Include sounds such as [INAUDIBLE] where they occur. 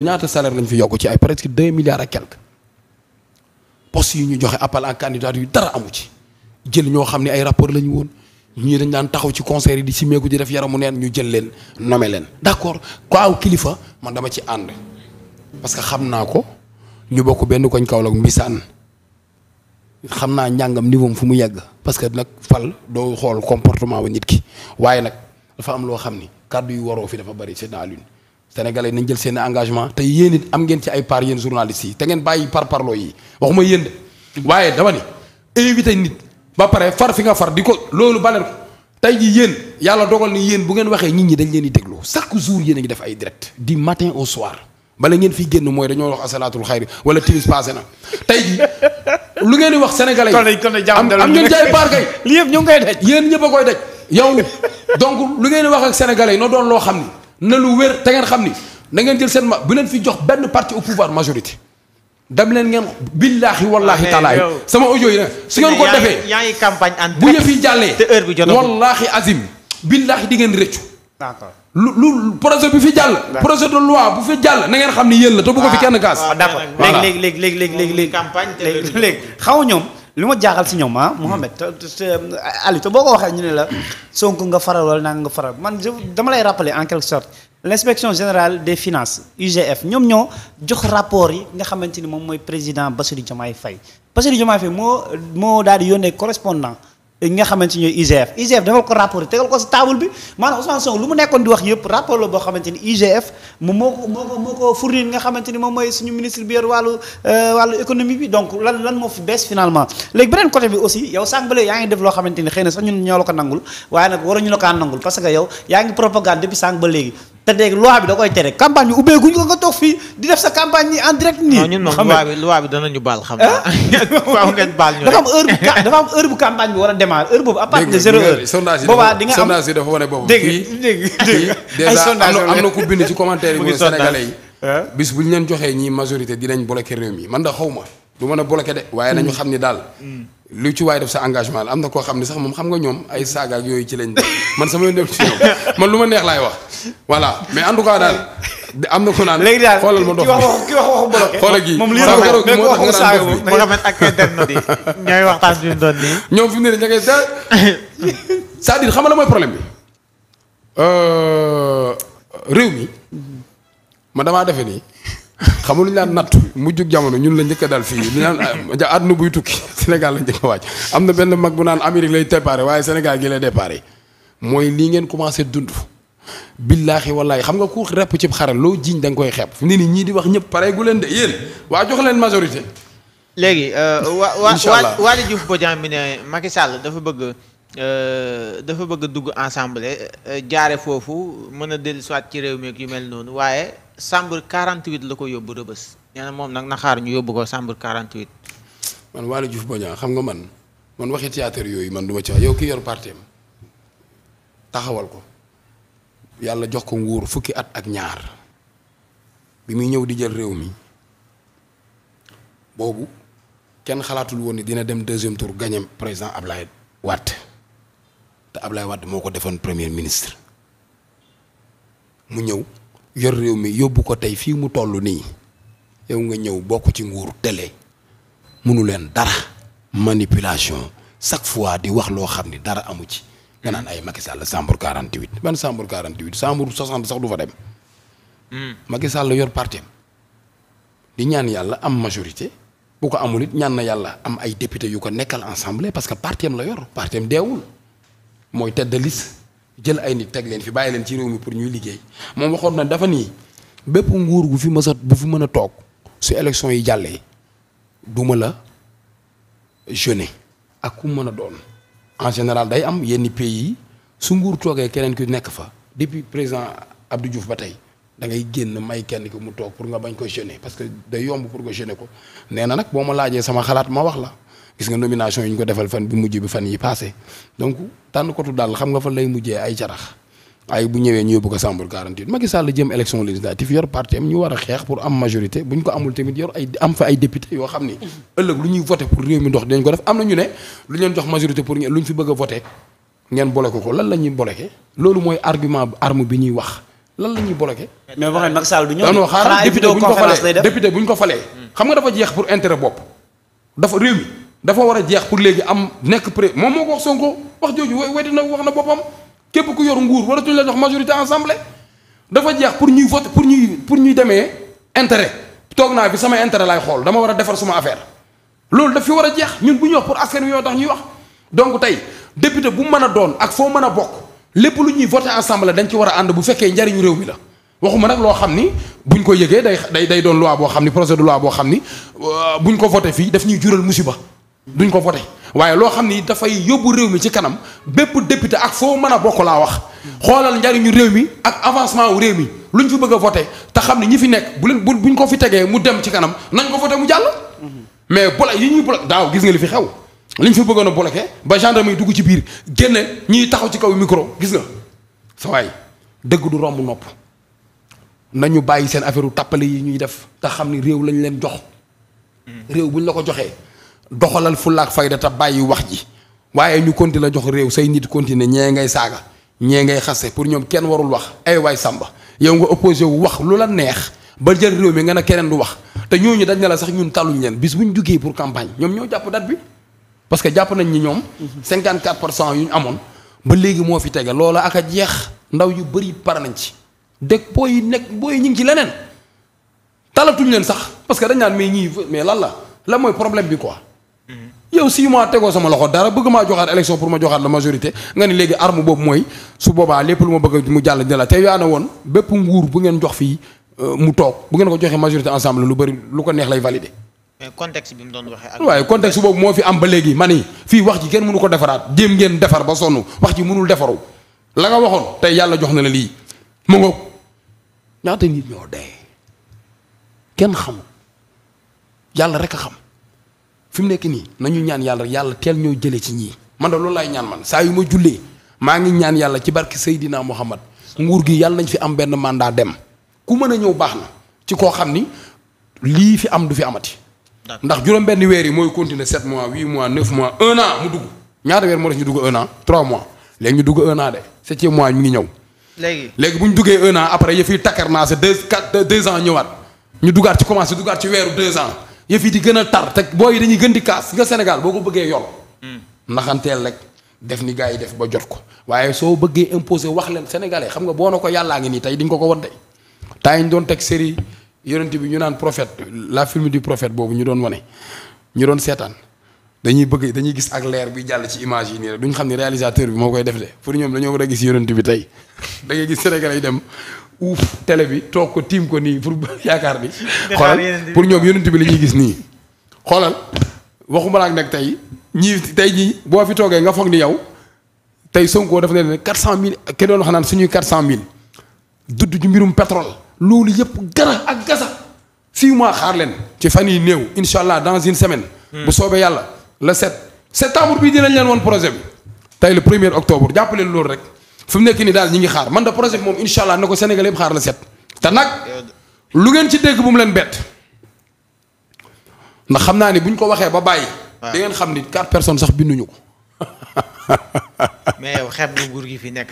ñaata salaire lañ fi yokk ci ay presque deux milliards ak quelque postes yi ñu joxe appel à candidature yu dara amu ci jël ñoo xam ne ay rapport la ñu woon ñii dañ daan taxaw ci concert yi di si meeku di def yaramu neen ñu jël leen nome leen d'accord kaaw kilifa man dama ci ànd parce que xam naa ko ñu bokk benn koñ Kaolack mbisaan xam naa njàngam niveau fu mu yegg parce que nag fal doo xool comportement ba nit ki waaye nag dafa am loo xam ni kàddu yu waroo fi dafa bari c'est dans l'une sénégalais nañ jël seen engagement te yéen am ngeen ci ay part yéen journalistes yi te ngeen bàyyi par parloo yi waxuma yéen de waaye dama ni invité nit ba pare far fi nga far di ko loolu baleen ko tey ji yéen yàlla dogal ni yéen bu ngeen waxee nit ñi dañ leen di déglu chaque jour yéen a ngi def ay direct du matin au soir bala ngeen fi génn mooy dañoo wax asalaatul xayri wala timis passé na tey ji lu ngeen di wax sénégalais yi am ngeen jaay paar kay [LAUGHS] li yëpp yéen ñëpp koy daj yow donc lu ngeen wax ak sénégalais yi noo doon loo xam ni na lu wér te ngeen xam ni na ngeen jël seen ma bu leen fi jox benn parti au pouvoir majorité dem leen ngeen billaahi wallaahi taalaay sama audio yi nag su ngeen ko defee yaa ngi campagne en bu yëf yi jàllee te heure bi jot wallaahi azim billaahi di ngeen rëccu d'accord lu lu projet bi fi jàll projet de loi bu fi jàll na ngeen xam ni yéen la te bu ko fi kenn kaas d'accord léegi léegi léegi léegi léegi léegi campagne léegi xaw ñoom li ma jaaxal si ñoom ah. Mouhamed te Aliou te boo ko waxee ñu ne la Sonko nga faral wala naa nga faral man dama lay rappeler en quelque sorte l' inspection générale des finance UGF ñoom ñoo jox rapport yi nga xamante ni moom mooy président Bassirou Diomaye Faye Bassirou Diomaye Faye moo moo daal di yónnee ñi nga xamante ñooy IGF IGF defal ko rapport yi tegal ko si table bi maanaam Ousmane Sonko lu mu nekkoon di wax yëpp rapport la boo xamante ni IGF moom moo ko moo ko moo nga xamante ni moom mooy suñu ministre bi yor wàllu euh, wàllu économie bi donc lan lan moo fi bees finalement léegi beneen côté bi aussi yow sànq bale yaa ngi def loo xamante ni xëy na sax ñun ñoo la ko nangul waaye nag waruñu la kaa nangul parce que yow yaa ngi propagande depuis sànq ba léegi te léegi loi bi da koy tere campagne bi ubbeeguñ ko nga toog fii di def sa campagne yi en direct nii. ñun [LAUGHS] am heure bu dafa am campagne bi war a démarrer heure boobu à partir de zéro heure. sondage yi am na ku bind ci commentaire yi mu Sénégalais leen joxee ñii majorité dinañ bloqué réew mi man da xaw ma du a bloqué de. waaye nañu mm. xam ni daal. Mm. lu ci waaye sa engagement am na koo xam ne sax moom xam nga ñoom ay saaga ak ci lañ man sama yoon dem ci [LAUGHS] ma neex laay wax voilà mais en tout cas daal am na ko naan. léegi ma dox ki wax wax ki wax waxu bloqué. xoolal gi moom lii la ko mais ko waxu saaga moom Mouhamed ak internet yi ñooy waxtaan bi ñu doon nii. ñoom fi mu ne nii ña ngi xam nga mooy problème euh, mi ma damaa defe nii xamul lu ñu naan nattu mujjug jamono ñun la njëkk a fii li naan tukki [LAUGHS] Sénégal la njëkk am na benn mag bu naan Amérique lay déparé waaye Sénégal gi lay déparé mooy lii ngeen commencé dund. billaahi wallaahi xam nga ku repp ci xare loo jiiñ da nga koy xeeb fi mu ne nii ñii di wax ñëpp pare gu leen de yéen waa jox leen majorité. léegi euh, wa wa Waly Diouf Bodian bi ne Macky dafa bëgg. Euh, dafa bëgg a dugg ensemble euh, jaare foofu mën a dellu ci réew mi ak yu mel noonu waaye chambre 48 la ko yóbbu rëbës nee na nag na xaar ñu yóbbu ko chambre 48. man Waly Diouf Bodian xam nga man man waxi théâtre yooyu man du ma ci wax yow ki yor parti am taxawal ko. yàlla jox ko nguur fukki at ak ñaar bi muy ñëw di jël réew mi boobu kenn xalaatul woon ni dina dem deuxième tour gagné président Ablaye Wade te Ablaye Wade moo ko defoon premier ministre mu ñëw yor réew mi yóbbu ko tey fii mu toll nii yow nga ñëw bokk ci nguur télé mënu leen dara manipulation chaque fois di wax loo xam ni dara amu ci nga naan ay Macky Sall Sambour 48 ban Sambour 48 Sambour 60 sax du fa dem. Hmm. Macky Sall yor parti di ñaan yàlla am majorité bu ko amul it ñaan na yàlla am ay député yu ko nekkal ensemble parce que parti la yor parti am deewul mooy tête de liste jël ay nit teg leen fi bàyyi leen ci réew mi pour ñuy liggéey moom waxoon na dafa nii bépp nguur gu fi mës a bu fi mën a toog su élection yi jàllee duma la jeune ak ku mën a doon. en général day am yenn pays yi su nguur toogee keneen ki nekk fa depuis président Abdou Diouf ba tey da ngay génn may kenn ki mu toog pour nga bañ ko gêner parce que day yomb pour nga gêner ko nee na nag boo ma laajee sama xalaat ma wax la gis nga nomination yi ñu ko defal fan bi mujj bi fan yi passé donc tànn kotu daal xam nga fa lay mujjee ay jarax waaye bu ñëwee ñu yóbbu a chambre 48 Macky Sall jëm élection législative yor parti ñu war a xeex pour am majorité bu ñu ko amul tamit yor ay am fa ay député yoo xam ni ëllëg lu ñuy voté pour réew mi ndox dinañ ko def am na ñu ne lu ñu jox majorité pour lu ñu fi bëgg a voté ngeen bloqué ko lan la ñuy bloqué loolu mooy argument arme bi ñuy wax lan la ñuy bloqué. mais boo xaaral député bu ñu ko falee xam nga dafa jeex pour intérêt bopp dafa a képp ku yor nguur waratuñ la jox majorité assemblée dafa jeex pour ñuy voter pour ñuy pour ñuy demee intérêt toog naa bi sama intérêt laay xool dama war a defar suma affaire loolu daf fi war a jeex ñun bu ñu wax pour askan wi ñuy wax donc tey député bu mën a doon ak foo mën a bokk lépp lu ñuy voter assemblée dañ ci war a ànd bu fekkee njariñu réew bi la waxuma nag loo xam ni bu ñu ko yëgee day day day doon loi boo xam ni projet de loi boo xam ni euh, ñu ko voté fii daf ñuy jural musiba duñ ko voté waaye loo xam ni dafay yóbbu réew mi ci kanam bépp député ak foo mën a bokk laa wax xoolal njariñu réew mi ak avancement wu réew mi lu ñu fi bëgg a voté te xam ne ñi fi nekk bu leen bu buñ ko fi tegee mu dem ci kanam nañ ko voté mu jàll. mais bolo yi ñuy bolo daaw gis nga li fi xew liñ fi bëggoon a bloqué ba gendarme yi dugg ci biir génne ñiy taxaw ci kaw micro gis nga sa waay dëgg du romb nopp nañu bàyyi seen affaire u tàppale yi ñuy def te xam ni réew lañ leen jox mm. réew buñ la ko joxee. doxalal fulaak fayda te bàyyi wax ji waaye ñu konti la jox réew say nit continuer ñee ngay saaga ñee ngay xase pour ñoom kenn warul wax ay waay sàmba yow nga opposé wu wax lu la neex ba jël réew mi nga ne keneen du wax te ñooñu dañ ne la sax ñun taluñ leen bis bu ñu jugee pour campagne ñoom ñoo jàpp date bi parce que jàpp nañ ni ñoom. 54 pour cent yu ñu amoon. ba léegi moo fi tege loola ak jeex ndaw yu bëri pare nañ ci. dëkk booy yi nekk booy yi ñu ngi ci leneen talatuñ leen sax parce que dañ naan mais ñii mais lan la la mooy problème bi quoi. yow 6 mois tegoo sama loxo dara bëgg maa joxaat élection pour ma joxaat la majorité nga ni léegi boobu mooy su boobaa lépp lu ma bëgg mu jàll jëla te woon bépp nguur bu ngeen jox fii euh, mu toog bu ngeen ko joxee majorité ensemble lu bëri lu ko neex lay valider. mais contexte bi mu doon waxee ak waaye contexte boobu moo fi am ba léegi man ni fii wax ji kenn mënu ko defaraat jéem ngeen defar ba sonn wax ji mënul defaru la nga waxoon tey yàlla jox na la lii mu ngoog ñaata nit ñoo dee kenn xamul yàlla rek a xam. fi mu nekk nii nañu ñaan yàlla rek yàlla teel ñoo jëlee ci ñii man da loolu laay ñaan man saa yu ma jullee maa ngi ñaan yàlla ci barke Seydina Muhammad nguur gi yàlla nañ fi am benn mandat dem ku mën a ñëw baax na ci koo xam ni lii fi am du fi amati. ndax juróom-benn weer yi mooy continuer 7 mois 8 mois 9 mois 1 an mu dugg ñaata weer moo def ñu dugg 1 an 3 mois léegi ñu dugg 1 an de septième mois ñu ngi ñëw. léegi léegi bu ñu duggee 1 an après yëf yi takkar naa sa 2 ci weeru 2 ans. yëf yi di gën a tar teg boo yi dañuy gën di kaas nga Sénégal boo ko bëggee yor. Hmm. naxanteel rek def ni gars yi def ba jot ko waaye soo bëggee imposer wax leen sénégalais xam nga boo na ko yàllaa ngi nii tey di ko ko wan de. temps yi ñu doon teg série yonent bi ñu naan prophète la film du prophète boobu ñu doon wane ñu doon seetaan dañuy bëgg dañuy gis ak leer bi jàll ci image yi nii rek duñ xam ne réalisateur bi moo koy def de pour ñoom dañoo war a gis yonent bi tey [LAUGHS] da ngay gis sénégalais yi dem uuf tele bi toog ko tiim ko nii pour [LAUGHS] yaakaar bi xoolal pour ñoom yonent bi lañuy gis nii xoolal waxuma laak nag tey ñii tey jii boo fi toogee nga foog ni yow tey Sonko def ne ne quatre cent mille ke doon naan suñuy quatre cent mille dudd ju mbirum pétrole loolu yëpp gara ak gasa six mois xaar leen ci fan yi néew incha allah dans une semaine hmm. bu soobee yàlla le sept septembre bii dinañ leen woon projet bi tey le premier octobre jàppaleen loolu rek fu mu nekk nii daal ñi ngi xaar man da projet bi moom incha allah na ko Sénégal yëpp xaar la set te nag lu ngeen ci dégg bu mu leen bett ndax xam naa ni buñ ko waxee ba bàyyi. Ah. da xam ni quatre personnes sax binduñu ko. [LAUGHS] mais yow xeeb gi fi nekk